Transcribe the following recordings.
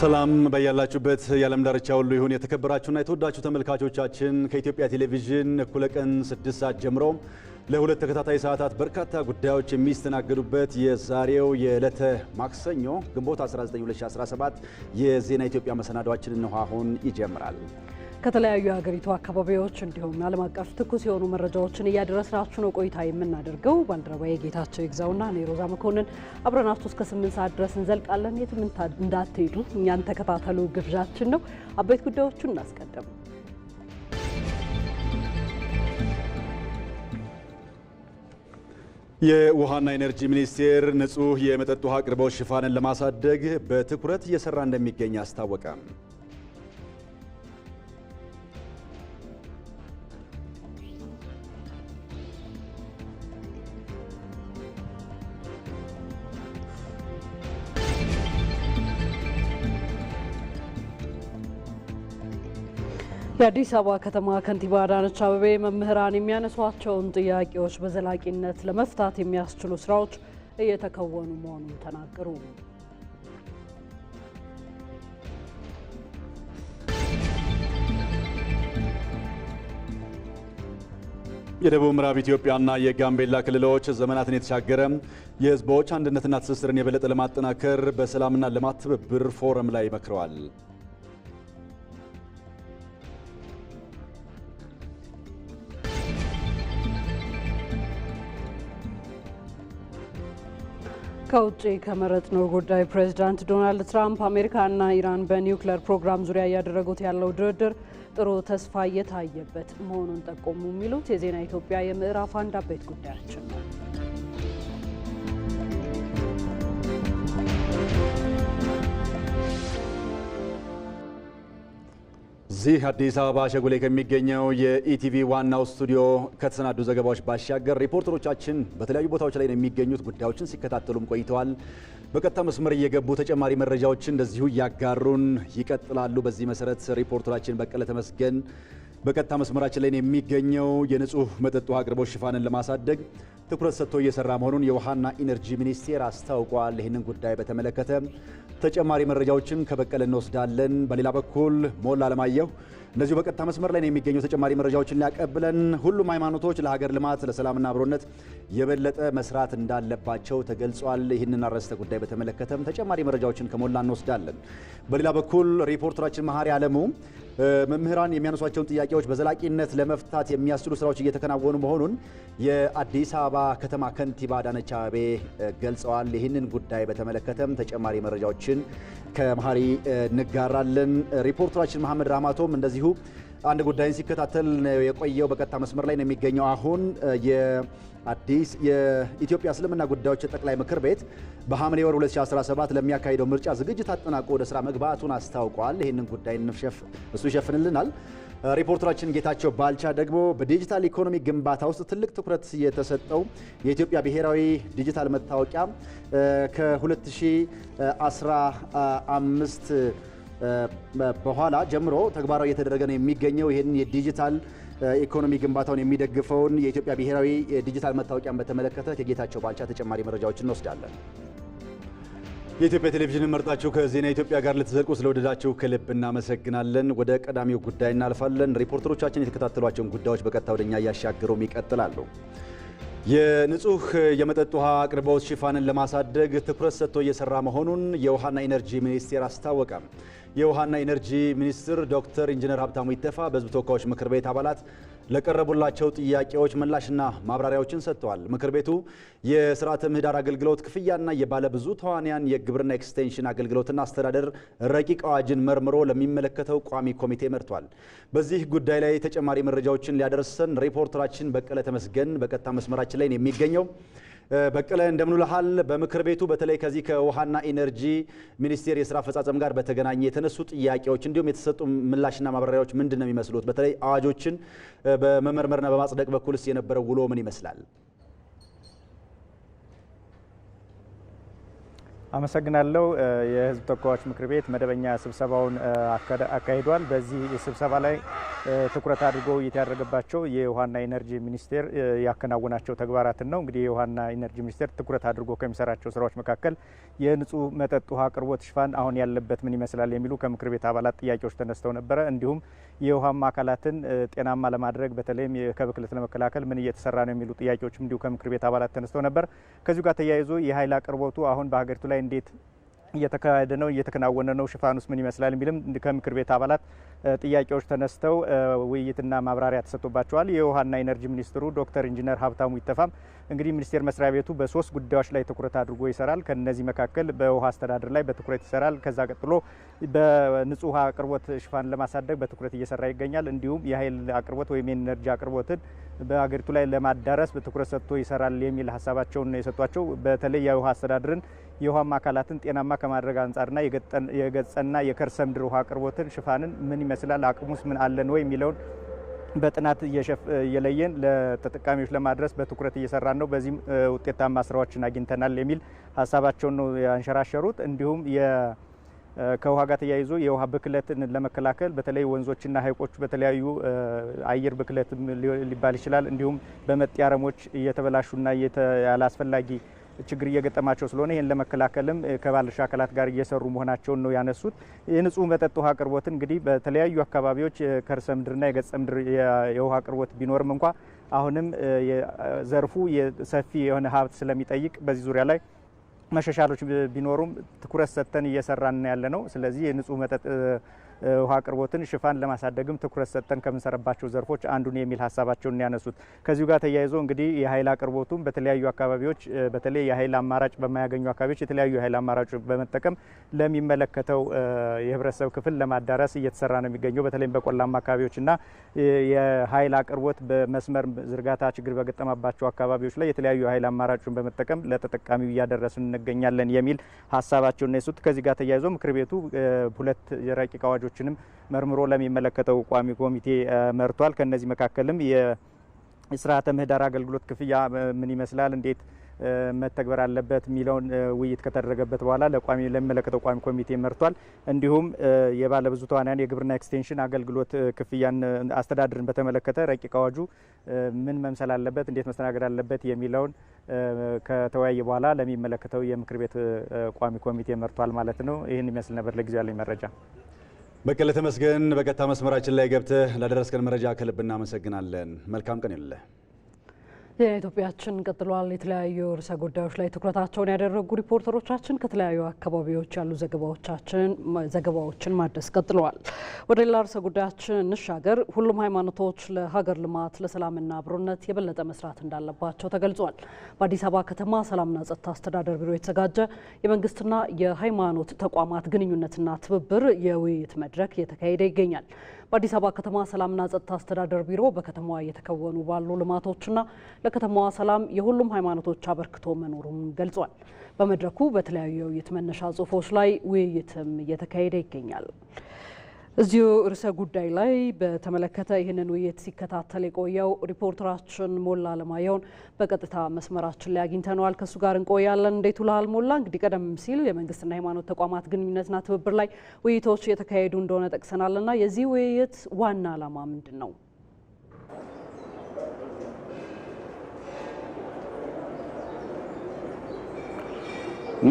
ሰላም በያላችሁበት የዓለም ዳርቻ ሁሉ ይሁን። የተከበራችሁና የተወዳችሁ ተመልካቾቻችን ከኢትዮጵያ ቴሌቪዥን እኩለ ቀን ስድስት ሰዓት ጀምሮ ለሁለት ተከታታይ ሰዓታት በርካታ ጉዳዮች የሚስተናገዱበት የዛሬው የዕለተ ማክሰኞ ግንቦት 19 2017 የዜና ኢትዮጵያ መሰናዷችንን ነው አሁን ይጀምራል። ከተለያዩ የሀገሪቱ አካባቢዎች እንዲሁም ዓለም አቀፍ ትኩስ የሆኑ መረጃዎችን እያደረስናችሁ ነው ቆይታ የምናደርገው። ባልደረባዬ ጌታቸው ይግዛውና እኔ ሮዛ መኮንን አብረናችሁ እስከ ስምንት ሰዓት ድረስ እንዘልቃለን። የትም እንዳትሄዱ እኛን ተከታተሉ ግብዣችን ነው። አበይት ጉዳዮቹን እናስቀድም። የውሃና ኤነርጂ ሚኒስቴር ንጹህ የመጠጥ ውሃ አቅርቦት ሽፋንን ለማሳደግ በትኩረት እየሰራ እንደሚገኝ አስታወቀ። የአዲስ አበባ ከተማ ከንቲባ አዳነች አበቤ መምህራን የሚያነሷቸውን ጥያቄዎች በዘላቂነት ለመፍታት የሚያስችሉ ስራዎች እየተከወኑ መሆኑን ተናገሩ። የደቡብ ምዕራብ ኢትዮጵያና የጋምቤላ ክልሎች ዘመናትን የተሻገረ የህዝቦች አንድነትና ትስስርን የበለጠ ለማጠናከር በሰላምና ልማት ትብብር ፎረም ላይ መክረዋል። ከውጭ ከመረጥነው ጉዳይ ፕሬዚዳንት ዶናልድ ትራምፕ አሜሪካና ኢራን በኒውክሌር ፕሮግራም ዙሪያ እያደረጉት ያለው ድርድር ጥሩ ተስፋ እየታየበት መሆኑን ጠቆሙ። የሚሉት የዜና ኢትዮጵያ የምዕራፍ አንድ አበይት ጉዳያችን ነው። እዚህ አዲስ አበባ ሸጉሌ ከሚገኘው የኢቲቪ ዋናው ስቱዲዮ ከተሰናዱ ዘገባዎች ባሻገር ሪፖርተሮቻችን በተለያዩ ቦታዎች ላይ የሚገኙት ጉዳዮችን ሲከታተሉም ቆይተዋል። በቀጥታ መስመር እየገቡ ተጨማሪ መረጃዎችን እንደዚሁ እያጋሩን ይቀጥላሉ። በዚህ መሰረት ሪፖርተራችን በቀለ ተመስገን በቀጥታ መስመራችን ላይ የሚገኘው የንጹህ መጠጥ ውሃ አቅርቦት ሽፋንን ለማሳደግ ትኩረት ሰጥቶ እየሰራ መሆኑን የውሃና ኢነርጂ ሚኒስቴር አስታውቋል። ይህንን ጉዳይ በተመለከተ ተጨማሪ መረጃዎችን ከበቀለ እንወስዳለን። በሌላ በኩል ሞላ አለማየሁ እንደዚሁ በቀጥታ መስመር ላይ የሚገኙ ተጨማሪ መረጃዎችን ሊያቀብለን ሁሉም ሃይማኖቶች ለሀገር ልማት ለሰላምና አብሮነት የበለጠ መስራት እንዳለባቸው ተገልጿል። ይህንን አርዕስተ ጉዳይ በተመለከተም ተጨማሪ መረጃዎችን ከሞላ እንወስዳለን። በሌላ በኩል ሪፖርተራችን መሀሪ አለሙ መምህራን የሚያነሷቸውን ጥያቄዎች በዘላቂነት ለመፍታት የሚያስችሉ ስራዎች እየተከናወኑ መሆኑን የአዲስ አበባ ከተማ ከንቲባ አዳነች አቤቤ ገልጸዋል። ይህንን ጉዳይ በተመለከተም ተጨማሪ መረጃዎችን ከመሀሪ እንጋራለን። ሪፖርተራችን መሐመድ ራማቶም እንደዚሁ አንድ ጉዳይን ሲከታተል የቆየው በቀጥታ መስመር ላይ ነው የሚገኘው አሁን አዲስ የኢትዮጵያ እስልምና ጉዳዮች ጠቅላይ ምክር ቤት በሐምሌ ወር 2017 ለሚያካሂደው ምርጫ ዝግጅት አጠናቆ ወደ ስራ መግባቱን አስታውቋል። ይህንን ጉዳይ እሱ ይሸፍንልናል። ሪፖርተራችን ጌታቸው ባልቻ ደግሞ በዲጂታል ኢኮኖሚ ግንባታ ውስጥ ትልቅ ትኩረት የተሰጠው የኢትዮጵያ ብሔራዊ ዲጂታል መታወቂያ ከ2015 በኋላ ጀምሮ ተግባራዊ እየተደረገ ነው የሚገኘው ይህንን የዲጂታል ኢኮኖሚ ግንባታውን የሚደግፈውን የኢትዮጵያ ብሔራዊ ዲጂታል መታወቂያን በተመለከተ ከጌታቸው ባልቻ ተጨማሪ መረጃዎች እንወስዳለን። የኢትዮጵያ ቴሌቪዥን መርጣችሁ ከዜና ኢትዮጵያ ጋር ልትዘልቁ ስለወደዳችሁ ከልብ እናመሰግናለን። ወደ ቀዳሚው ጉዳይ እናልፋለን። ሪፖርተሮቻችን የተከታተሏቸውን ጉዳዮች በቀጥታ ወደኛ እያሻገሩም ይቀጥላሉ። የንጹህ የመጠጥ ውሃ አቅርቦት ሽፋንን ለማሳደግ ትኩረት ሰጥቶ እየሰራ መሆኑን የውሃና ኢነርጂ ሚኒስቴር አስታወቀ። የውሃና ኢነርጂ ሚኒስትር ዶክተር ኢንጂነር ሀብታሙ ይተፋ በህዝብ ተወካዮች ምክር ቤት አባላት ለቀረቡላቸው ጥያቄዎች ምላሽና ማብራሪያዎችን ሰጥተዋል። ምክር ቤቱ የስርዓተ ምህዳር አገልግሎት ክፍያና የባለ ብዙ ተዋንያን የግብርና ኤክስቴንሽን አገልግሎትና አስተዳደር ረቂቅ አዋጅን መርምሮ ለሚመለከተው ቋሚ ኮሚቴ መርቷል። በዚህ ጉዳይ ላይ ተጨማሪ መረጃዎችን ሊያደርሰን ሪፖርተራችን በቀለ ተመስገን በቀጥታ መስመራችን ላይ የሚገኘው። በቀለ እንደምንልሃል። በምክር ቤቱ በተለይ ከዚህ ከውሃና ኢነርጂ ሚኒስቴር የስራ አፈጻጸም ጋር በተገናኘ የተነሱ ጥያቄዎች እንዲሁም የተሰጡ ምላሽና ማብራሪያዎች ምንድን ነው የሚመስሉት? በተለይ አዋጆችን በመመርመርና በማጽደቅ በኩልስ የነበረው ውሎ ምን ይመስላል? አመሰግናለሁ። የህዝብ ተወካዮች ምክር ቤት መደበኛ ስብሰባውን አካሂዷል። በዚህ ስብሰባ ላይ ትኩረት አድርጎ ያደረገባቸው የውሃና ኢነርጂ ሚኒስቴር ያከናወናቸው ተግባራትን ነው። እንግዲህ የውሃና ኢነርጂ ሚኒስቴር ትኩረት አድርጎ ከሚሰራቸው ስራዎች መካከል የንጹህ መጠጥ ውሃ አቅርቦት ሽፋን አሁን ያለበት ምን ይመስላል የሚሉ ከምክር ቤት አባላት ጥያቄዎች ተነስተው ነበረ። እንዲሁም የውሃማ አካላትን ጤናማ ለማድረግ በተለይም ከብክለት ለመከላከል ምን እየተሰራ ነው የሚሉ ጥያቄዎች እንዲሁ ከምክር ቤት አባላት ተነስተው ነበር። ከዚሁ ጋር ተያይዞ የኃይል አቅርቦቱ አሁን በሀገሪቱ ላይ እንዴት እየተካሄደ ነው? እየተከናወነ ነው? ሽፋን ውስጥ ምን ይመስላል? የሚልም ከምክር ቤት አባላት ጥያቄዎች ተነስተው ውይይትና ማብራሪያ ተሰጥቶባቸዋል። የውሃና ኢነርጂ ሚኒስትሩ ዶክተር ኢንጂነር ሀብታሙ ይተፋም እንግዲህ ሚኒስቴር መስሪያ ቤቱ በሶስት ጉዳዮች ላይ ትኩረት አድርጎ ይሰራል። ከነዚህ መካከል በውሃ አስተዳደር ላይ በትኩረት ይሰራል። ከዛ ቀጥሎ በንጹህ ውሃ አቅርቦት ሽፋን ለማሳደግ በትኩረት እየሰራ ይገኛል። እንዲሁም የኃይል አቅርቦት ወይም የኢነርጂ አቅርቦትን በሀገሪቱ ላይ ለማዳረስ በትኩረት ሰጥቶ ይሰራል የሚል ሀሳባቸውን የሰጧቸው። በተለይ የውሃ አስተዳደርን የውሃማ አካላትን ጤናማ ከማድረግ አንጻርና የገጸና የከርሰ ምድር ውሃ አቅርቦትን ሽፋንን ምን ይመስላል፣ አቅሙስ ምን አለን ወይ የሚለውን በጥናት እየለየን ለተጠቃሚዎች ለማድረስ በትኩረት እየሰራን ነው። በዚህም ውጤታማ ስራዎችን አግኝተናል የሚል ሀሳባቸውን ነው ያንሸራሸሩት። እንዲሁም ከውሃ ጋር ተያይዞ የውሃ ብክለትን ለመከላከል በተለይ ወንዞችና ሐይቆች በተለያዩ አየር ብክለትም ሊባል ይችላል። እንዲሁም በመጤ አረሞች እየተበላሹና ያላስፈላጊ ችግር እየገጠማቸው ስለሆነ ይህን ለመከላከልም ከባለድርሻ አካላት ጋር እየሰሩ መሆናቸውን ነው ያነሱት። የንጹህ መጠጥ ውሃ አቅርቦት እንግዲህ በተለያዩ አካባቢዎች የከርሰ ምድርና የገጸ ምድር የውሃ አቅርቦት ቢኖርም እንኳ አሁንም ዘርፉ ሰፊ የሆነ ሀብት ስለሚጠይቅ በዚህ ዙሪያ ላይ መሻሻሎች ቢኖሩም ትኩረት ሰጥተን እየሰራን ያለ ነው። ስለዚህ የንጹህ መጠጥ ውሃ አቅርቦትን ሽፋን ለማሳደግም ትኩረት ሰጥተን ከምንሰራባቸው ዘርፎች አንዱን የሚል ሀሳባቸውን ያነሱት። ከዚሁ ጋር ተያይዞ እንግዲህ የኃይል አቅርቦቱም በተለያዩ አካባቢዎች በተለይ የኃይል አማራጭ በማያገኙ አካባቢዎች የተለያዩ የኃይል አማራጭ በመጠቀም ለሚመለከተው የህብረተሰብ ክፍል ለማዳረስ እየተሰራ ነው የሚገኘው። በተለይም በቆላማ አካባቢዎችና የኃይል አቅርቦት በመስመር ዝርጋታ ችግር በገጠማባቸው አካባቢዎች ላይ የተለያዩ የኃይል አማራጮችን በመጠቀም ለተጠቃሚው እያደረስን እንገኛለን የሚል ሀሳባቸውን ነው የሱት። ከዚህ ጋር ተያይዞ ምክር ቤቱ ሁለት ረቂቅ አዋጆ ወላጆችንም መርምሮ ለሚመለከተው ቋሚ ኮሚቴ መርቷል። ከነዚህ መካከልም የስርዓተ ምህዳር አገልግሎት ክፍያ ምን ይመስላል፣ እንዴት መተግበር አለበት የሚለውን ውይይት ከተደረገበት በኋላ ለቋሚ ለሚመለከተው ቋሚ ኮሚቴ መርቷል። እንዲሁም የባለብዙ ተዋንያን የግብርና ኤክስቴንሽን አገልግሎት ክፍያን አስተዳደርን በተመለከተ ረቂቅ አዋጁ ምን መምሰል አለበት፣ እንዴት መስተናገድ አለበት የሚለውን ከተወያየ በኋላ ለሚመለከተው የምክር ቤት ቋሚ ኮሚቴ መርቷል ማለት ነው። ይህን ይመስል ነበር ለጊዜው ያለኝ መረጃ። በቀለ ተመስገን በቀጥታ መስመራችን ላይ ገብተህ ላደረስከን መረጃ ከልብ እናመሰግናለን። መልካም ቀን ይሁንልህ። የኢትዮጵያችን ቀጥሏል። የተለያዩ ርዕሰ ጉዳዮች ላይ ትኩረታቸውን ያደረጉ ሪፖርተሮቻችን ከተለያዩ አካባቢዎች ያሉ ዘገባዎችን ማድረስ ቀጥለዋል። ወደ ሌላ ርዕሰ ጉዳያችን እንሻገር። ሁሉም ሃይማኖቶች ለሀገር ልማት ለሰላምና አብሮነት የበለጠ መስራት እንዳለባቸው ተገልጿል። በአዲስ አበባ ከተማ ሰላምና ጸጥታ አስተዳደር ቢሮ የተዘጋጀ የመንግስትና የሃይማኖት ተቋማት ግንኙነትና ትብብር የውይይት መድረክ እየተካሄደ ይገኛል። በአዲስ አበባ ከተማ ሰላምና ጸጥታ አስተዳደር ቢሮ በከተማዋ እየተከወኑ ባሉ ልማቶችና ለከተማዋ ሰላም የሁሉም ሃይማኖቶች አበርክቶ መኖሩን ገልጿል። በመድረኩ በተለያዩ የውይይት መነሻ ጽሁፎች ላይ ውይይትም እየተካሄደ ይገኛል። እዚሁ ርዕሰ ጉዳይ ላይ በተመለከተ ይህንን ውይይት ሲከታተል የቆየው ሪፖርተራችን ሞላ አለማየሁን በቀጥታ መስመራችን ላይ አግኝተነዋል። ከእሱ ጋር እንቆያለን። እንዴት ውለሃል ሞላ? እንግዲህ ቀደም ሲል የመንግስትና ሃይማኖት ተቋማት ግንኙነትና ትብብር ላይ ውይይቶች እየተካሄዱ እንደሆነ ጠቅሰናል የዚህ ውይይት ዋና ዓላማ ምንድን ነው?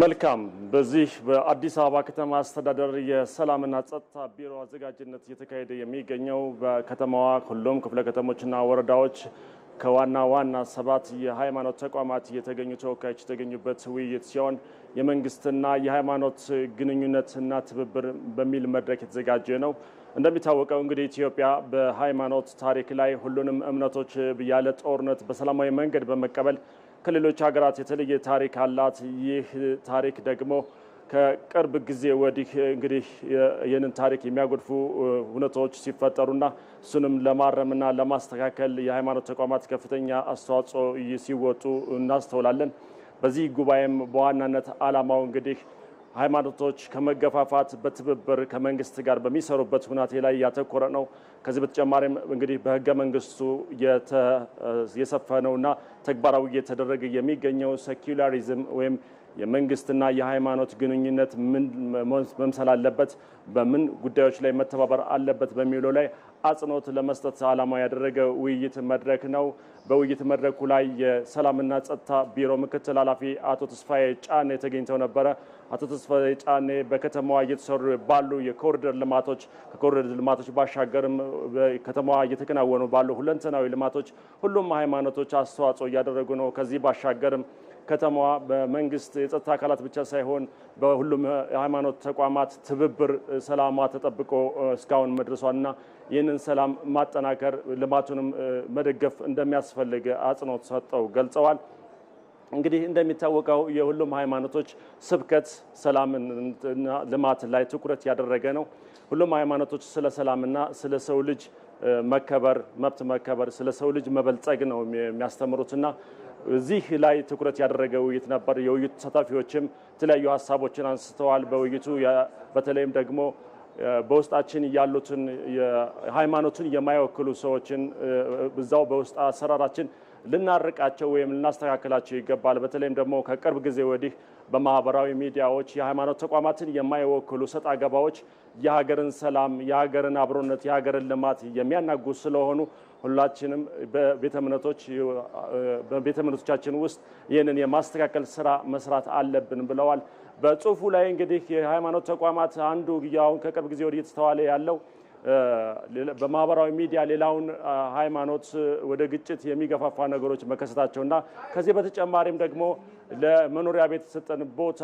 መልካም። በዚህ በአዲስ አበባ ከተማ አስተዳደር የሰላምና ጸጥታ ቢሮ አዘጋጅነት እየተካሄደ የሚገኘው በከተማዋ ሁሉም ክፍለ ከተሞችና ወረዳዎች ከዋና ዋና ሰባት የሃይማኖት ተቋማት የተገኙ ተወካዮች የተገኙበት ውይይት ሲሆን የመንግስትና የሃይማኖት ግንኙነትና ትብብር በሚል መድረክ የተዘጋጀ ነው። እንደሚታወቀው እንግዲህ ኢትዮጵያ በሃይማኖት ታሪክ ላይ ሁሉንም እምነቶች ያለ ጦርነት በሰላማዊ መንገድ በመቀበል ከሌሎች ሀገራት የተለየ ታሪክ አላት። ይህ ታሪክ ደግሞ ከቅርብ ጊዜ ወዲህ እንግዲህ ይህንን ታሪክ የሚያጎድፉ ሁነቶች ሲፈጠሩና እሱንም ለማረምና ለማስተካከል የሃይማኖት ተቋማት ከፍተኛ አስተዋጽኦ ሲወጡ እናስተውላለን። በዚህ ጉባኤም በዋናነት ዓላማው እንግዲህ ሃይማኖቶች ከመገፋፋት በትብብር ከመንግስት ጋር በሚሰሩበት ሁናቴ ላይ ያተኮረ ነው። ከዚህ በተጨማሪም እንግዲህ በህገ መንግስቱ የሰፈነውና ተግባራዊ እየተደረገ የሚገኘው ሴኩላሪዝም ወይም የመንግስትና የሃይማኖት ግንኙነት ምን መምሰል አለበት፣ በምን ጉዳዮች ላይ መተባበር አለበት በሚለው ላይ አጽንኦት ለመስጠት ዓላማ ያደረገ ውይይት መድረክ ነው። በውይይት መድረኩ ላይ የሰላምና ጸጥታ ቢሮ ምክትል ኃላፊ አቶ ተስፋዬ ጫኔ ተገኝተው ነበረ። አቶ ተስፋዬ ጫኔ በከተማዋ እየተሰሩ ባሉ የኮሪደር ልማቶች ከኮሪደር ልማቶች ባሻገርም ከተማዋ እየተከናወኑ ባሉ ሁለንተናዊ ልማቶች ሁሉም ሃይማኖቶች አስተዋጽኦ እያደረጉ ነው። ከዚህ ባሻገርም ከተማዋ በመንግስት የጸጥታ አካላት ብቻ ሳይሆን በሁሉም ሃይማኖት ተቋማት ትብብር ሰላሟ ተጠብቆ እስካሁን መድረሷና ይህንን ሰላም ማጠናከር ልማቱንም መደገፍ እንደሚያስፈልግ አጽንኦት ሰጠው ገልጸዋል። እንግዲህ እንደሚታወቀው የሁሉም ሃይማኖቶች ስብከት ሰላምና ልማት ላይ ትኩረት ያደረገ ነው። ሁሉም ሃይማኖቶች ስለ ሰላምና ስለ ሰው ልጅ መከበር፣ መብት መከበር፣ ስለ ሰው ልጅ መበልጸግ ነው የሚያስተምሩትና እዚህ ላይ ትኩረት ያደረገ ውይይት ነበር። የውይይቱ ተሳታፊዎችም የተለያዩ ሀሳቦችን አንስተዋል። በውይይቱ በተለይም ደግሞ በውስጣችን ያሉትን ሃይማኖቱን የማይወክሉ ሰዎችን እዛው በውስጥ አሰራራችን ልናርቃቸው ወይም ልናስተካክላቸው ይገባል። በተለይም ደግሞ ከቅርብ ጊዜ ወዲህ በማህበራዊ ሚዲያዎች የሃይማኖት ተቋማትን የማይወክሉ ሰጥ አገባዎች የሀገርን ሰላም፣ የሀገርን አብሮነት፣ የሀገርን ልማት የሚያናጉ ስለሆኑ ሁላችንም በቤተ እምነቶቻችን ውስጥ ይህንን የማስተካከል ስራ መስራት አለብን ብለዋል። በጽሁፉ ላይ እንግዲህ የሃይማኖት ተቋማት አንዱ አሁን ከቅርብ ጊዜ ወዲህ እየተስተዋለ ያለው በማህበራዊ ሚዲያ ሌላውን ሃይማኖት ወደ ግጭት የሚገፋፋ ነገሮች መከሰታቸውና ከዚህ በተጨማሪም ደግሞ ለመኖሪያ ቤት የተሰጠን ቦታ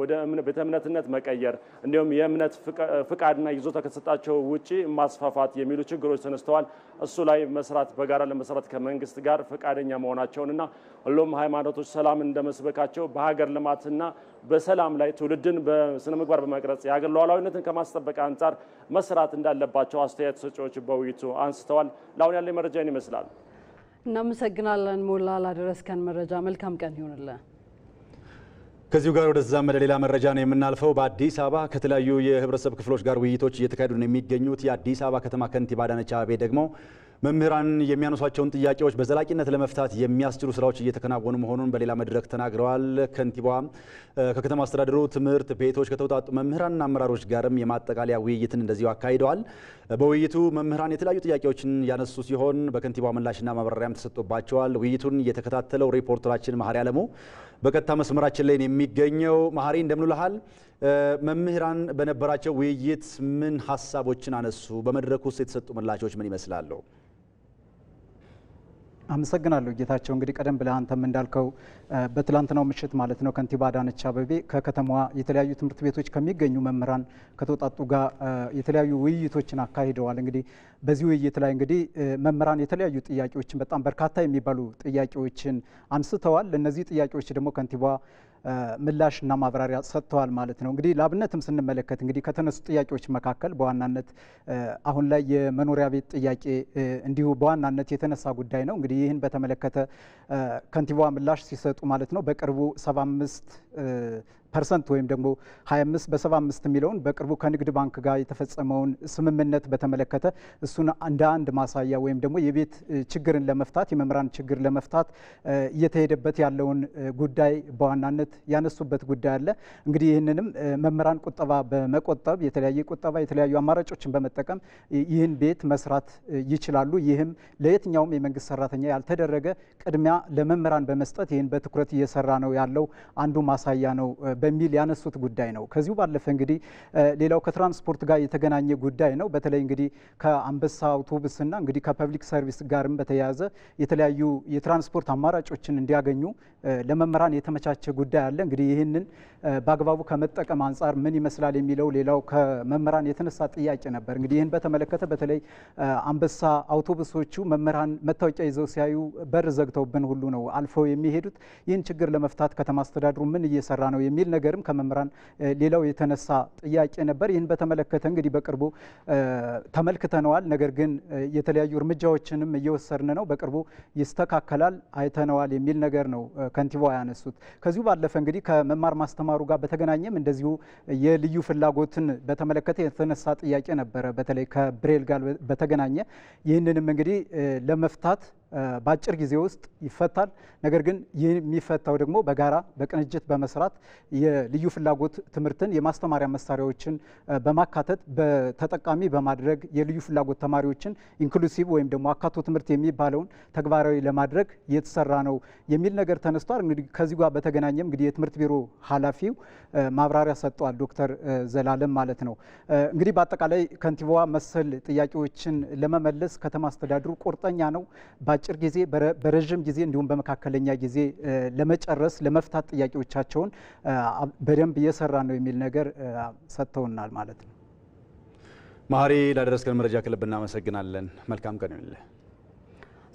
ወደ ቤተ እምነትነት መቀየር እንዲሁም የእምነት ፍቃድና ይዞታ ከተሰጣቸው ውጪ ማስፋፋት የሚሉ ችግሮች ተነስተዋል። እሱ ላይ መስራት በጋራ ለመስራት ከመንግስት ጋር ፈቃደኛ መሆናቸውንና ሁሉም ሃይማኖቶች ሰላም እንደመስበካቸው በሀገር ልማትና በሰላም ላይ ትውልድን በስነ ምግባር በመቅረጽ የሀገር ሉዓላዊነትን ከማስጠበቅ አንጻር መስራት እንዳለባቸው አስተያየት ሰጪዎች በውይይቱ አንስተዋል። ለአሁን ያለ መረጃ ይመስላል። እናመሰግናለን ሞላ ላደረስከን መረጃ። መልካም ቀን ይሁንልን። ከዚሁ ጋር ወደ ተዛመደ ሌላ መረጃ ነው የምናልፈው። በአዲስ አበባ ከተለያዩ የህብረተሰብ ክፍሎች ጋር ውይይቶች እየተካሄዱ ነው የሚገኙት። የአዲስ አበባ ከተማ ከንቲባ አዳነች አቤቤ ደግሞ መምህራን የሚያነሷቸውን ጥያቄዎች በዘላቂነት ለመፍታት የሚያስችሉ ስራዎች እየተከናወኑ መሆኑን በሌላ መድረክ ተናግረዋል። ከንቲባ ከከተማ አስተዳደሩ ትምህርት ቤቶች ከተውጣጡ መምህራንና አመራሮች ጋርም የማጠቃለያ ውይይትን እንደዚሁ አካሂደዋል። በውይይቱ መምህራን የተለያዩ ጥያቄዎችን ያነሱ ሲሆን በከንቲባ ምላሽና ማብራሪያም ተሰጥቶባቸዋል። ውይይቱን የተከታተለው ሪፖርተራችን መሀሪ አለሙ በቀጥታ መስመራችን ላይ የሚገኘው መሀሪ፣ እንደምንልሃል። መምህራን በነበራቸው ውይይት ምን ሀሳቦችን አነሱ? በመድረኩ ውስጥ የተሰጡ ምላሾች ምን ይመስላሉ? አመሰግናለሁ ጌታቸው። እንግዲህ ቀደም ብለህ አንተም እንዳልከው በትላንትናው ምሽት ማለት ነው ከንቲባ አዳነች አበቤ ከከተማዋ የተለያዩ ትምህርት ቤቶች ከሚገኙ መምህራን ከተውጣጡ ጋር የተለያዩ ውይይቶችን አካሂደዋል። እንግዲህ በዚህ ውይይት ላይ እንግዲህ መምህራን የተለያዩ ጥያቄዎችን በጣም በርካታ የሚባሉ ጥያቄዎችን አንስተዋል። እነዚህ ጥያቄዎች ደግሞ ከንቲባ ምላሽ እና ማብራሪያ ሰጥተዋል ማለት ነው። እንግዲህ ለአብነትም ስንመለከት እንግዲህ ከተነሱ ጥያቄዎች መካከል በዋናነት አሁን ላይ የመኖሪያ ቤት ጥያቄ እንዲሁ በዋናነት የተነሳ ጉዳይ ነው። እንግዲህ ይህን በተመለከተ ከንቲባ ምላሽ ሲሰጡ ማለት ነው በቅርቡ 75 ፐርሰንት ወይም ደግሞ 25 በ75 የሚለውን በቅርቡ ከንግድ ባንክ ጋር የተፈጸመውን ስምምነት በተመለከተ እሱን እንደ አንድ ማሳያ ወይም ደግሞ የቤት ችግርን ለመፍታት የመምህራን ችግር ለመፍታት እየተሄደበት ያለውን ጉዳይ በዋናነት ያነሱበት ጉዳይ አለ። እንግዲህ ይህንንም መምህራን ቁጠባ በመቆጠብ የተለያየ ቁጠባ የተለያዩ አማራጮችን በመጠቀም ይህን ቤት መስራት ይችላሉ። ይህም ለየትኛውም የመንግስት ሰራተኛ ያልተደረገ ቅድሚያ ለመምህራን በመስጠት ይህን በትኩረት እየሰራ ነው ያለው አንዱ ማሳያ ነው። በሚል ያነሱት ጉዳይ ነው። ከዚሁ ባለፈ እንግዲህ ሌላው ከትራንስፖርት ጋር የተገናኘ ጉዳይ ነው። በተለይ እንግዲህ ከአንበሳ አውቶቡስና እንግዲህ ከፐብሊክ ሰርቪስ ጋርም በተያያዘ የተለያዩ የትራንስፖርት አማራጮችን እንዲያገኙ ለመምህራን የተመቻቸ ጉዳይ አለ። እንግዲህ ይህንን በአግባቡ ከመጠቀም አንጻር ምን ይመስላል የሚለው ሌላው ከመምህራን የተነሳ ጥያቄ ነበር። እንግዲህ ይህን በተመለከተ በተለይ አንበሳ አውቶቡሶቹ መምህራን መታወቂያ ይዘው ሲያዩ በር ዘግተውብን ሁሉ ነው አልፈው የሚሄዱት። ይህን ችግር ለመፍታት ከተማ አስተዳድሩ ምን እየሰራ ነው የሚል ነገርም ከመምህራን ሌላው የተነሳ ጥያቄ ነበር። ይህን በተመለከተ እንግዲህ በቅርቡ ተመልክተነዋል። ነገር ግን የተለያዩ እርምጃዎችንም እየወሰድን ነው፣ በቅርቡ ይስተካከላል፣ አይተነዋል የሚል ነገር ነው ከንቲባዋ ያነሱት። ከዚሁ ባለፈ እንግዲህ ከመማር ማስተማሩ ጋር በተገናኘም እንደዚሁ የልዩ ፍላጎትን በተመለከተ የተነሳ ጥያቄ ነበረ፣ በተለይ ከብሬል ጋር በተገናኘ ይህንንም እንግዲህ ለመፍታት በአጭር ጊዜ ውስጥ ይፈታል። ነገር ግን ይህ የሚፈታው ደግሞ በጋራ በቅንጅት በመስራት የልዩ ፍላጎት ትምህርትን የማስተማሪያ መሳሪያዎችን በማካተት በተጠቃሚ በማድረግ የልዩ ፍላጎት ተማሪዎችን ኢንክሉሲቭ ወይም ደግሞ አካቶ ትምህርት የሚባለውን ተግባራዊ ለማድረግ የተሰራ ነው የሚል ነገር ተነስቷል። እንግዲህ ከዚህ ጋር በተገናኘም እንግዲህ የትምህርት ቢሮ ኃላፊው ማብራሪያ ሰጥተዋል፣ ዶክተር ዘላለም ማለት ነው። እንግዲህ በአጠቃላይ ከንቲባዋ መሰል ጥያቄዎችን ለመመለስ ከተማ አስተዳደሩ ቁርጠኛ ነው። በአጭር ጊዜ በረዥም ጊዜ እንዲሁም በመካከለኛ ጊዜ ለመጨረስ ለመፍታት ጥያቄዎቻቸውን በደንብ እየሰራ ነው የሚል ነገር ሰጥተውናል ማለት ነው። መሀሪ ላደረስከን መረጃ ከልብ እናመሰግናለን። መልካም ቀን ይሁንልህ።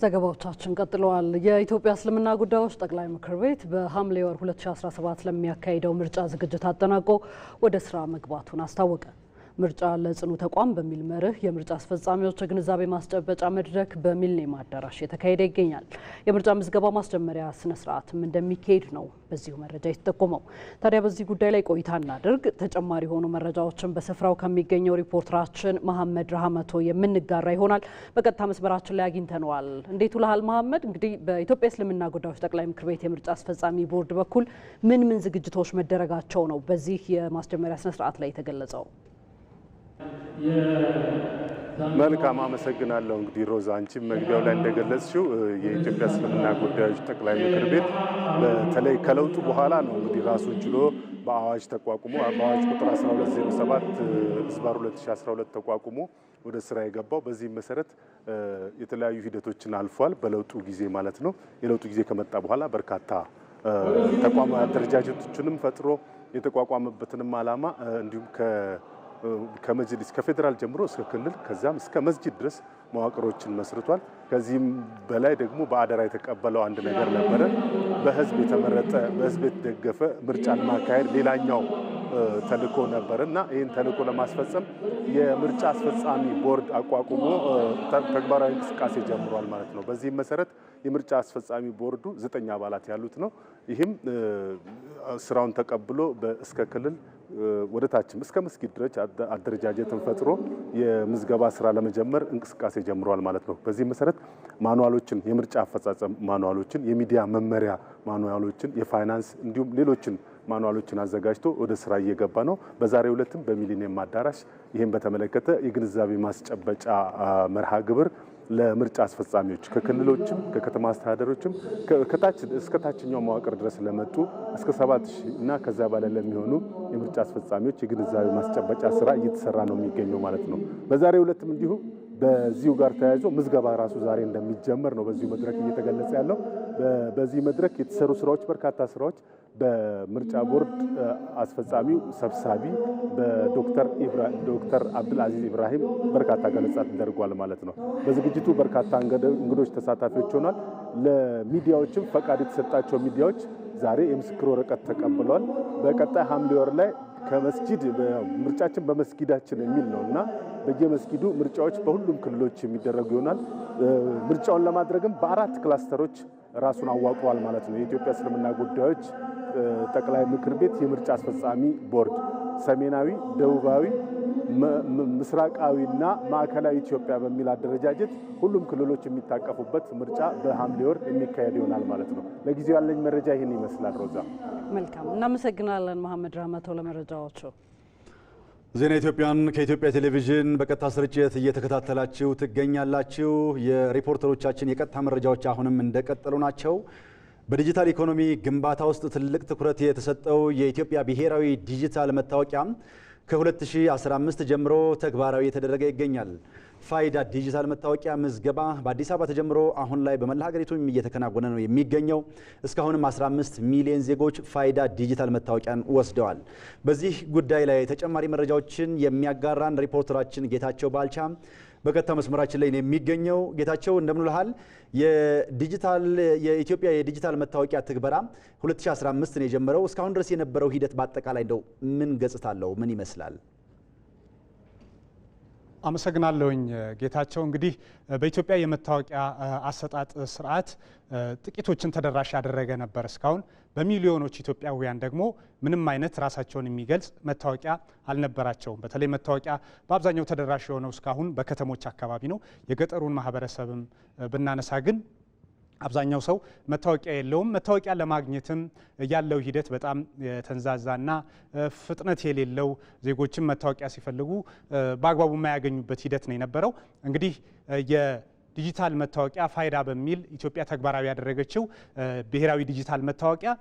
ዘገባዎቻችን ቀጥለዋል። የኢትዮጵያ እስልምና ጉዳዮች ጠቅላይ ምክር ቤት በሐምሌ ወር 2017 ለሚያካሂደው ምርጫ ዝግጅት አጠናቆ ወደ ስራ መግባቱን አስታወቀ። ምርጫ ለጽኑ ተቋም በሚል መርህ የምርጫ አስፈጻሚዎች የግንዛቤ ማስጨበጫ መድረክ በሚሊኒየም አዳራሽ የተካሄደ ይገኛል። የምርጫ ምዝገባ ማስጀመሪያ ስነ ስርዓትም እንደሚካሄድ ነው በዚሁ መረጃ የተጠቆመው። ታዲያ በዚህ ጉዳይ ላይ ቆይታ እናድርግ። ተጨማሪ የሆኑ መረጃዎችን በስፍራው ከሚገኘው ሪፖርተራችን መሐመድ ረሃመቶ የምንጋራ ይሆናል። በቀጥታ መስመራችን ላይ አግኝተነዋል። እንዴት ውለሃል መሐመድ? እንግዲህ በኢትዮጵያ እስልምና ጉዳዮች ጠቅላይ ምክር ቤት የምርጫ አስፈጻሚ ቦርድ በኩል ምን ምን ዝግጅቶች መደረጋቸው ነው በዚህ የማስጀመሪያ ስነ ስርዓት ላይ የተገለጸው? መልካም አመሰግናለሁ። እንግዲህ ሮዛ አንቺም መግቢያው ላይ እንደገለጽሽው የኢትዮጵያ እስልምና ጉዳዮች ጠቅላይ ምክር ቤት በተለይ ከለውጡ በኋላ ነው እንግዲህ ራሱን ችሎ በአዋጅ ተቋቁሞ በአዋጅ ቁጥር 1207 ህዝባር 2012 ተቋቁሞ ወደ ስራ የገባው በዚህም መሰረት የተለያዩ ሂደቶችን አልፏል። በለውጡ ጊዜ ማለት ነው። የለውጡ ጊዜ ከመጣ በኋላ በርካታ ተቋማዊ አደረጃጀቶችንም ፈጥሮ የተቋቋመበትንም ዓላማ እንዲሁም ከመጅሊስ ከፌዴራል ጀምሮ እስከ ክልል ከዚያም እስከ መስጂድ ድረስ መዋቅሮችን መስርቷል። ከዚህም በላይ ደግሞ በአደራ የተቀበለው አንድ ነገር ነበረ። በህዝብ የተመረጠ በህዝብ የተደገፈ ምርጫን ማካሄድ ሌላኛው ተልእኮ ነበረ እና ይህን ተልእኮ ለማስፈጸም የምርጫ አስፈጻሚ ቦርድ አቋቁሞ ተግባራዊ እንቅስቃሴ ጀምሯል ማለት ነው። በዚህም መሰረት የምርጫ አስፈጻሚ ቦርዱ ዘጠኝ አባላት ያሉት ነው። ይህም ስራውን ተቀብሎ እስከ ክልል ወደ ታችም እስከ መስጊድ ድረስ አደረጃጀትን ፈጥሮ የምዝገባ ስራ ለመጀመር እንቅስቃሴ ጀምሯል ማለት ነው። በዚህ መሰረት ማኑዋሎችን፣ የምርጫ አፈጻጸም ማኑዋሎችን፣ የሚዲያ መመሪያ ማኑዋሎችን፣ የፋይናንስ እንዲሁም ሌሎችን ማኑዋሎችን አዘጋጅቶ ወደ ስራ እየገባ ነው። በዛሬው ዕለትም በሚሊኒየም አዳራሽ ይህን በተመለከተ የግንዛቤ ማስጨበጫ መርሃ ግብር ለምርጫ አስፈጻሚዎች ከክልሎችም ከከተማ አስተዳደሮችም ከታች እስከ ታችኛው መዋቅር ድረስ ለመጡ እስከ ሰባት ሺህ እና ከዚያ በላይ ለሚሆኑ የምርጫ አስፈጻሚዎች የግንዛቤ ማስጨበጫ ስራ እየተሰራ ነው የሚገኘው ማለት ነው። በዛሬው ዕለትም እንዲሁም በዚሁ ጋር ተያይዞ ምዝገባ ራሱ ዛሬ እንደሚጀመር ነው በዚሁ መድረክ እየተገለጸ ያለው። በዚህ መድረክ የተሰሩ ስራዎች በርካታ ስራዎች በምርጫ ቦርድ አስፈጻሚው ሰብሳቢ በዶክተር ዶክተር አብዱል አዚዝ ኢብራሂም በርካታ ገለጻ ተደርጓል ማለት ነው። በዝግጅቱ በርካታ እንግዶች ተሳታፊዎች ሆኗል። ለሚዲያዎችም ፈቃድ የተሰጣቸው ሚዲያዎች ዛሬ የምስክር ወረቀት ተቀብለዋል። በቀጣይ ሐምሌ ወር ላይ ከመስጊድ ምርጫችን በመስጊዳችን የሚል ነው እና በየመስጊዱ ምርጫዎች በሁሉም ክልሎች የሚደረጉ ይሆናል። ምርጫውን ለማድረግም በአራት ክላስተሮች ራሱን አዋቅሯል ማለት ነው። የኢትዮጵያ እስልምና ጉዳዮች ጠቅላይ ምክር ቤት የምርጫ አስፈጻሚ ቦርድ ሰሜናዊ፣ ደቡባዊ፣ ምስራቃዊና ማዕከላዊ ኢትዮጵያ በሚል አደረጃጀት ሁሉም ክልሎች የሚታቀፉበት ምርጫ በሐምሌ ወር የሚካሄድ ይሆናል ማለት ነው። ለጊዜው ያለኝ መረጃ ይህን ይመስላል። ሮዛ፣ መልካም እናመሰግናለን። መሐመድ ራህመቶ ለመረጃዎቹ። ዜና ኢትዮጵያን ከኢትዮጵያ ቴሌቪዥን በቀጥታ ስርጭት እየተከታተላችሁ ትገኛላችሁ። የሪፖርተሮቻችን የቀጥታ መረጃዎች አሁንም እንደቀጠሉ ናቸው። በዲጂታል ኢኮኖሚ ግንባታ ውስጥ ትልቅ ትኩረት የተሰጠው የኢትዮጵያ ብሔራዊ ዲጂታል መታወቂያ ከ2015 ጀምሮ ተግባራዊ የተደረገ ይገኛል። ፋይዳ ዲጂታል መታወቂያ ምዝገባ በአዲስ አበባ ተጀምሮ አሁን ላይ በመላ ሀገሪቱ እየተከናወነ ነው የሚገኘው። እስካሁንም 15 ሚሊዮን ዜጎች ፋይዳ ዲጂታል መታወቂያን ወስደዋል። በዚህ ጉዳይ ላይ ተጨማሪ መረጃዎችን የሚያጋራን ሪፖርተራችን ጌታቸው ባልቻ በቀጥታ መስመራችን ላይ የሚገኘው። ጌታቸው እንደምንልሃል። የዲጂታል የኢትዮጵያ የዲጂታል መታወቂያ ትግበራ 2015 ነው የጀመረው። እስካሁን ድረስ የነበረው ሂደት በአጠቃላይ እንደው ምን ገጽታ አለው? ምን ይመስላል? አመሰግናለሁኝ ጌታቸው። እንግዲህ በኢትዮጵያ የመታወቂያ አሰጣጥ ስርዓት ጥቂቶችን ተደራሽ ያደረገ ነበር እስካሁን። በሚሊዮኖች ኢትዮጵያውያን ደግሞ ምንም አይነት ራሳቸውን የሚገልጽ መታወቂያ አልነበራቸውም። በተለይ መታወቂያ በአብዛኛው ተደራሽ የሆነው እስካሁን በከተሞች አካባቢ ነው። የገጠሩን ማህበረሰብም ብናነሳ ግን አብዛኛው ሰው መታወቂያ የለውም። መታወቂያ ለማግኘትም ያለው ሂደት በጣም የተንዛዛና ፍጥነት የሌለው ዜጎችም መታወቂያ ሲፈልጉ በአግባቡ የማያገኙበት ሂደት ነው የነበረው። እንግዲህ የዲጂታል መታወቂያ ፋይዳ በሚል ኢትዮጵያ ተግባራዊ ያደረገችው ብሔራዊ ዲጂታል መታወቂያ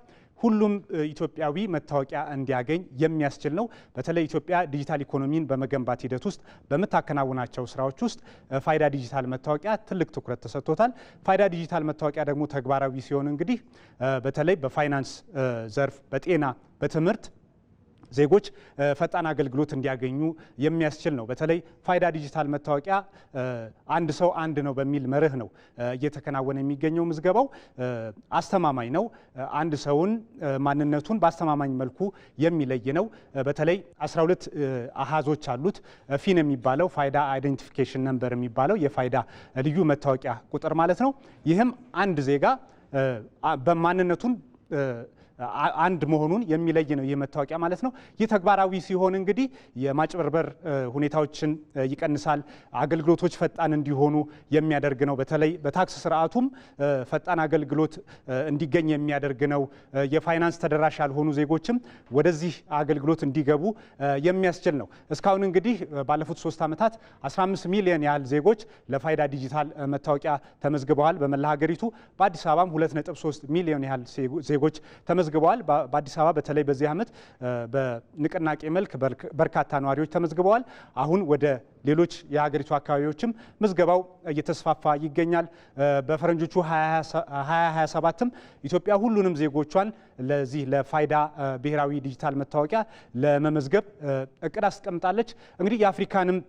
ሁሉም ኢትዮጵያዊ መታወቂያ እንዲያገኝ የሚያስችል ነው። በተለይ ኢትዮጵያ ዲጂታል ኢኮኖሚን በመገንባት ሂደት ውስጥ በምታከናውናቸው ስራዎች ውስጥ ፋይዳ ዲጂታል መታወቂያ ትልቅ ትኩረት ተሰጥቶታል። ፋይዳ ዲጂታል መታወቂያ ደግሞ ተግባራዊ ሲሆን እንግዲህ በተለይ በፋይናንስ ዘርፍ፣ በጤና፣ በትምህርት ዜጎች ፈጣን አገልግሎት እንዲያገኙ የሚያስችል ነው። በተለይ ፋይዳ ዲጂታል መታወቂያ አንድ ሰው አንድ ነው በሚል መርህ ነው እየተከናወነ የሚገኘው ምዝገባው አስተማማኝ ነው። አንድ ሰውን ማንነቱን በአስተማማኝ መልኩ የሚለይ ነው። በተለይ 12 አሃዞች አሉት። ፊን የሚባለው ፋይዳ አይደንቲፊኬሽን ነምበር የሚባለው የፋይዳ ልዩ መታወቂያ ቁጥር ማለት ነው። ይህም አንድ ዜጋ በማንነቱን አንድ መሆኑን የሚለይ ነው ይህ መታወቂያ ማለት ነው። ይህ ተግባራዊ ሲሆን እንግዲህ የማጭበርበር ሁኔታዎችን ይቀንሳል፣ አገልግሎቶች ፈጣን እንዲሆኑ የሚያደርግ ነው። በተለይ በታክስ ስርዓቱም ፈጣን አገልግሎት እንዲገኝ የሚያደርግ ነው። የፋይናንስ ተደራሽ ያልሆኑ ዜጎችም ወደዚህ አገልግሎት እንዲገቡ የሚያስችል ነው። እስካሁን እንግዲህ ባለፉት ሶስት ዓመታት 15 ሚሊዮን ያህል ዜጎች ለፋይዳ ዲጂታል መታወቂያ ተመዝግበዋል። በመላ ሀገሪቱ በአዲስ አበባም 2.3 ሚሊዮን ያህል ዜጎች ተመዝግበዋል። ተመዝግበዋል። በአዲስ አበባ በተለይ በዚህ ዓመት በንቅናቄ መልክ በርካታ ነዋሪዎች ተመዝግበዋል። አሁን ወደ ሌሎች የሀገሪቱ አካባቢዎችም ምዝገባው እየተስፋፋ ይገኛል። በፈረንጆቹ 2027ም ኢትዮጵያ ሁሉንም ዜጎቿን ለዚህ ለፋይዳ ብሔራዊ ዲጂታል መታወቂያ ለመመዝገብ እቅድ አስቀምጣለች። እንግዲህ የአፍሪካንም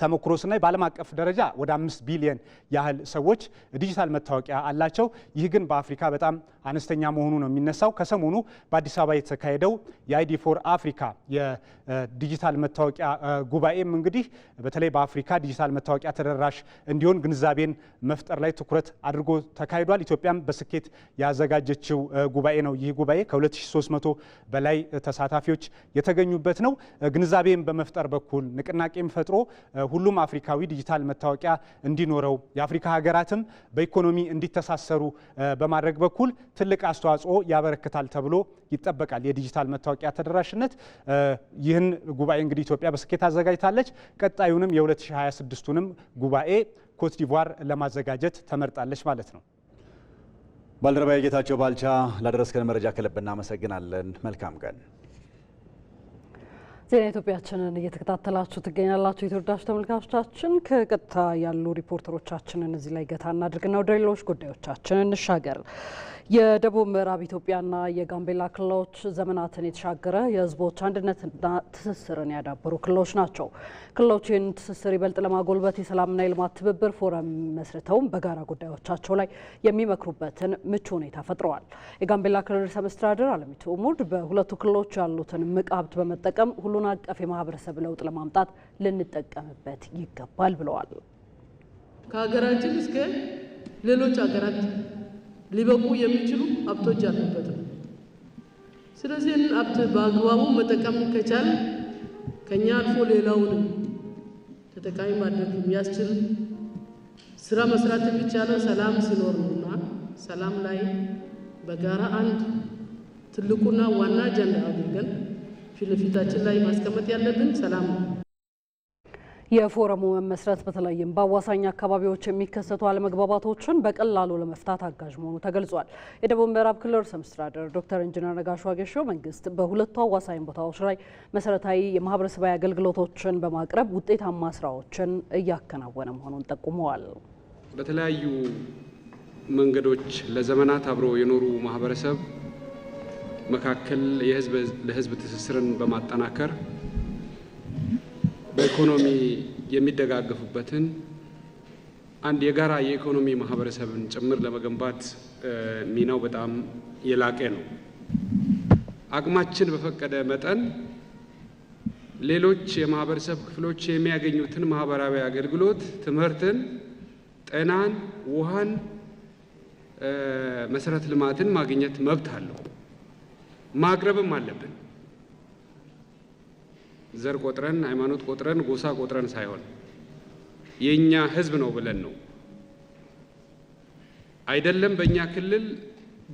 ተሞክሮ ስናይ በዓለም አቀፍ ደረጃ ወደ አምስት ቢሊየን ያህል ሰዎች ዲጂታል መታወቂያ አላቸው። ይህ ግን በአፍሪካ በጣም አነስተኛ መሆኑ ነው የሚነሳው። ከሰሞኑ በአዲስ አበባ የተካሄደው የአይዲ ፎር አፍሪካ የዲጂታል መታወቂያ ጉባኤም እንግዲህ በተለይ በአፍሪካ ዲጂታል መታወቂያ ተደራሽ እንዲሆን ግንዛቤን መፍጠር ላይ ትኩረት አድርጎ ተካሂዷል። ኢትዮጵያም በስኬት ያዘጋጀችው ጉባኤ ነው። ይህ ጉባኤ ከ2300 በላይ ተሳታፊዎች የተገኙበት ነው። ግንዛቤን በመፍጠር በኩል ንቅናቄም ፈጥሮ ሁሉም አፍሪካዊ ዲጂታል መታወቂያ እንዲኖረው የአፍሪካ ሀገራትም በኢኮኖሚ እንዲተሳሰሩ በማድረግ በኩል ትልቅ አስተዋጽኦ ያበረክታል ተብሎ ይጠበቃል። የዲጂታል መታወቂያ ተደራሽነት ይህን ጉባኤ እንግዲህ ኢትዮጵያ በስኬት አዘጋጅታለች። ቀጣዩንም የ2026ቱንም ጉባኤ ኮትዲቯር ለማዘጋጀት ተመርጣለች ማለት ነው። ባልደረባ የጌታቸው ባልቻ ላደረስከን መረጃ ከልብ እናመሰግናለን። መልካም ቀን ዜና ኢትዮጵያችንን እየተከታተላችሁ ትገኛላችሁ። የተወዳችሁ ተመልካቾቻችን ከቀጥታ ያሉ ሪፖርተሮቻችንን እዚህ ላይ ገታ እናድርግና ወደ ሌሎች ጉዳዮቻችን እንሻገር። የደቡብ ምዕራብ ኢትዮጵያና የጋምቤላ ክልሎች ዘመናትን የተሻገረ የህዝቦች አንድነትና ትስስርን ያዳበሩ ክልሎች ናቸው። ክልሎች ይህን ትስስር ይበልጥ ለማጎልበት የሰላምና የልማት ትብብር ፎረም መስርተውም በጋራ ጉዳዮቻቸው ላይ የሚመክሩበትን ምቹ ሁኔታ ፈጥረዋል። የጋምቤላ ክልል ርዕሰ መስተዳድር አለሚቱ ኡሙድ በሁለቱ ክልሎች ያሉትን እምቅ ሀብት በመጠቀም ሁሉን አቀፍ የማህበረሰብ ለውጥ ለማምጣት ልንጠቀምበት ይገባል ብለዋል። ከሀገራችን እስከ ሌሎች ሀገራት ሊበቁ የሚችሉ ሀብቶች ያሉበት ነው። ስለዚህ ሀብት በአግባቡ መጠቀም ከቻል ከኛ አልፎ ሌላውን ተጠቃሚ ማድረግ የሚያስችል ስራ መስራት የሚቻለው ሰላም ሲኖር ነውና ሰላም ላይ በጋራ አንድ ትልቁና ዋና አጀንዳ አድርገን ፊት ለፊታችን ላይ ማስቀመጥ ያለብን ሰላም ነው። የፎረሙ መመስረት በተለይም በአዋሳኝ አካባቢዎች የሚከሰቱ አለመግባባቶችን በቀላሉ ለመፍታት አጋዥ መሆኑ ተገልጿል። የደቡብ ምዕራብ ክልል ርዕሰ መስተዳድር ዶክተር ኢንጂነር ነጋሽ ዋጌሾ መንግስት በሁለቱ አዋሳኝ ቦታዎች ላይ መሰረታዊ የማህበረሰባዊ አገልግሎቶችን በማቅረብ ውጤታማ ስራዎችን እያከናወነ መሆኑን ጠቁመዋል። በተለያዩ መንገዶች ለዘመናት አብሮ የኖሩ ማህበረሰብ መካከል የህዝብ ለህዝብ ትስስርን በማጠናከር በኢኮኖሚ የሚደጋገፉበትን አንድ የጋራ የኢኮኖሚ ማህበረሰብን ጭምር ለመገንባት ሚናው በጣም የላቀ ነው። አቅማችን በፈቀደ መጠን ሌሎች የማህበረሰብ ክፍሎች የሚያገኙትን ማህበራዊ አገልግሎት ትምህርትን፣ ጤናን፣ ውሃን፣ መሰረተ ልማትን ማግኘት መብት አለው። ማቅረብም አለብን። ዘር ቆጥረን፣ ሃይማኖት ቆጥረን፣ ጎሳ ቆጥረን ሳይሆን የእኛ ህዝብ ነው ብለን ነው። አይደለም በእኛ ክልል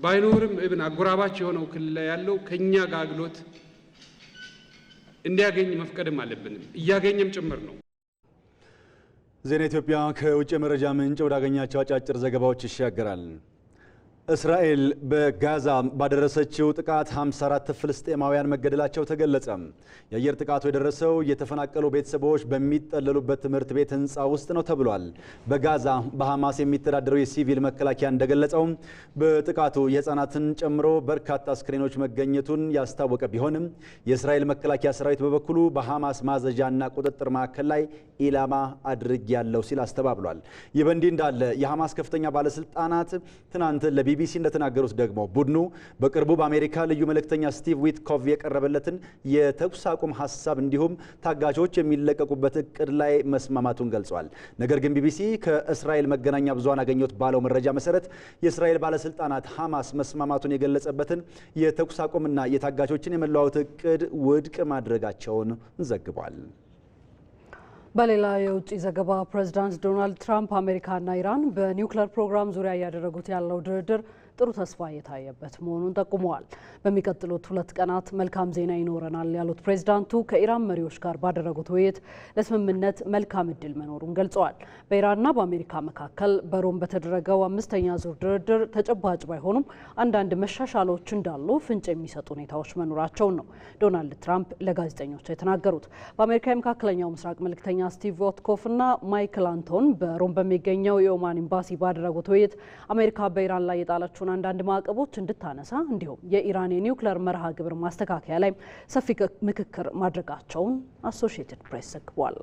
ባይኖርም እብን አጎራባች የሆነው ክልል ላይ ያለው ከእኛ ጋር አግሎት እንዲያገኝ መፍቀድም አለብንም እያገኘም ጭምር ነው። ዜና ኢትዮጵያ ከውጭ መረጃ ምንጭ ወዳገኛቸው አጫጭር ዘገባዎች ይሻገራል። እስራኤል በጋዛ ባደረሰችው ጥቃት 54 ፍልስጤማውያን መገደላቸው ተገለጸ። የአየር ጥቃቱ የደረሰው የተፈናቀሉ ቤተሰቦች በሚጠለሉበት ትምህርት ቤት ህንፃ ውስጥ ነው ተብሏል። በጋዛ በሐማስ የሚተዳደረው የሲቪል መከላከያ እንደገለጸው በጥቃቱ የህፃናትን ጨምሮ በርካታ አስክሬኖች መገኘቱን ያስታወቀ ቢሆንም የእስራኤል መከላከያ ሰራዊት በበኩሉ በሐማስ ማዘዣና ቁጥጥር ማዕከል ላይ ኢላማ አድርጌያለሁ ሲል አስተባብሏል። ይህ በእንዲህ እንዳለ የሐማስ ከፍተኛ ባለስልጣናት ትናንት ለቢ ቢቢሲ እንደተናገሩት ደግሞ ቡድኑ በቅርቡ በአሜሪካ ልዩ መልእክተኛ ስቲቭ ዊትኮቭ የቀረበለትን የተኩስ አቁም ሀሳብ እንዲሁም ታጋቾች የሚለቀቁበት እቅድ ላይ መስማማቱን ገልጿል። ነገር ግን ቢቢሲ ከእስራኤል መገናኛ ብዙሃን አገኘት ባለው መረጃ መሰረት የእስራኤል ባለስልጣናት ሐማስ መስማማቱን የገለጸበትን የተኩስ አቁምና የታጋቾችን የመለዋወት እቅድ ውድቅ ማድረጋቸውን ዘግቧል። በሌላ የውጭ ዘገባ ፕሬዚዳንት ዶናልድ ትራምፕ አሜሪካና ኢራን በኒውክሌር ፕሮግራም ዙሪያ እያደረጉት ያለው ድርድር ጥሩ ተስፋ የታየበት መሆኑን ጠቁመዋል። በሚቀጥሉት ሁለት ቀናት መልካም ዜና ይኖረናል ያሉት ፕሬዝዳንቱ ከኢራን መሪዎች ጋር ባደረጉት ውይይት ለስምምነት መልካም እድል መኖሩን ገልጸዋል። በኢራንና በአሜሪካ መካከል በሮም በተደረገው አምስተኛ ዙር ድርድር ተጨባጭ ባይሆኑም አንዳንድ መሻሻሎች እንዳሉ ፍንጭ የሚሰጡ ሁኔታዎች መኖራቸውን ነው ዶናልድ ትራምፕ ለጋዜጠኞች የተናገሩት። በአሜሪካ የመካከለኛው ምስራቅ መልክተኛ ስቲቭ ቮትኮፍና ማይክል አንቶን በሮም በሚገኘው የኦማን ኤምባሲ ባደረጉት ውይይት አሜሪካ በኢራን ላይ የጣለችውን ያሉትን አንዳንድ ማዕቀቦች እንድታነሳ እንዲሁም የኢራን የኒውክሌር መርሃ ግብር ማስተካከያ ላይ ሰፊ ምክክር ማድረጋቸውን አሶሺየትድ ፕሬስ ዘግቧል።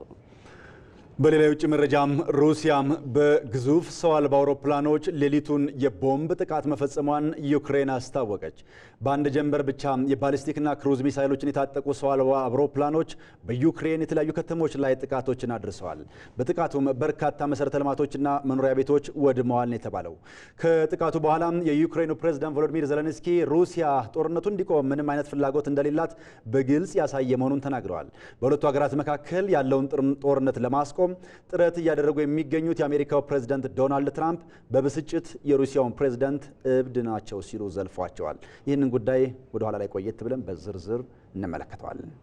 በሌላ የውጭ መረጃም ሩሲያም በግዙፍ ሰው አልባ አውሮፕላኖች ሌሊቱን የቦምብ ጥቃት መፈጸሟን ዩክሬን አስታወቀች። በአንድ ጀንበር ብቻ የባሊስቲክና ክሩዝ ሚሳይሎችን የታጠቁ ሰው አልባ አውሮፕላኖች በዩክሬን የተለያዩ ከተሞች ላይ ጥቃቶችን አድርሰዋል። በጥቃቱም በርካታ መሰረተ ልማቶችና መኖሪያ ቤቶች ወድመዋል ነው የተባለው። ከጥቃቱ በኋላም የዩክሬኑ ፕሬዝዳንት ቮሎዲሚር ዘለንስኪ ሩሲያ ጦርነቱ እንዲቆም ምንም አይነት ፍላጎት እንደሌላት በግልጽ ያሳየ መሆኑን ተናግረዋል። በሁለቱ ሀገራት መካከል ያለውን ጦርነት ለማስቆም ለማቆም ጥረት እያደረጉ የሚገኙት የአሜሪካው ፕሬዝደንት ዶናልድ ትራምፕ በብስጭት የሩሲያውን ፕሬዝደንት እብድ ናቸው ሲሉ ዘልፏቸዋል። ይህንን ጉዳይ ወደኋላ ላይ ቆየት ብለን በዝርዝር እንመለከተዋለን።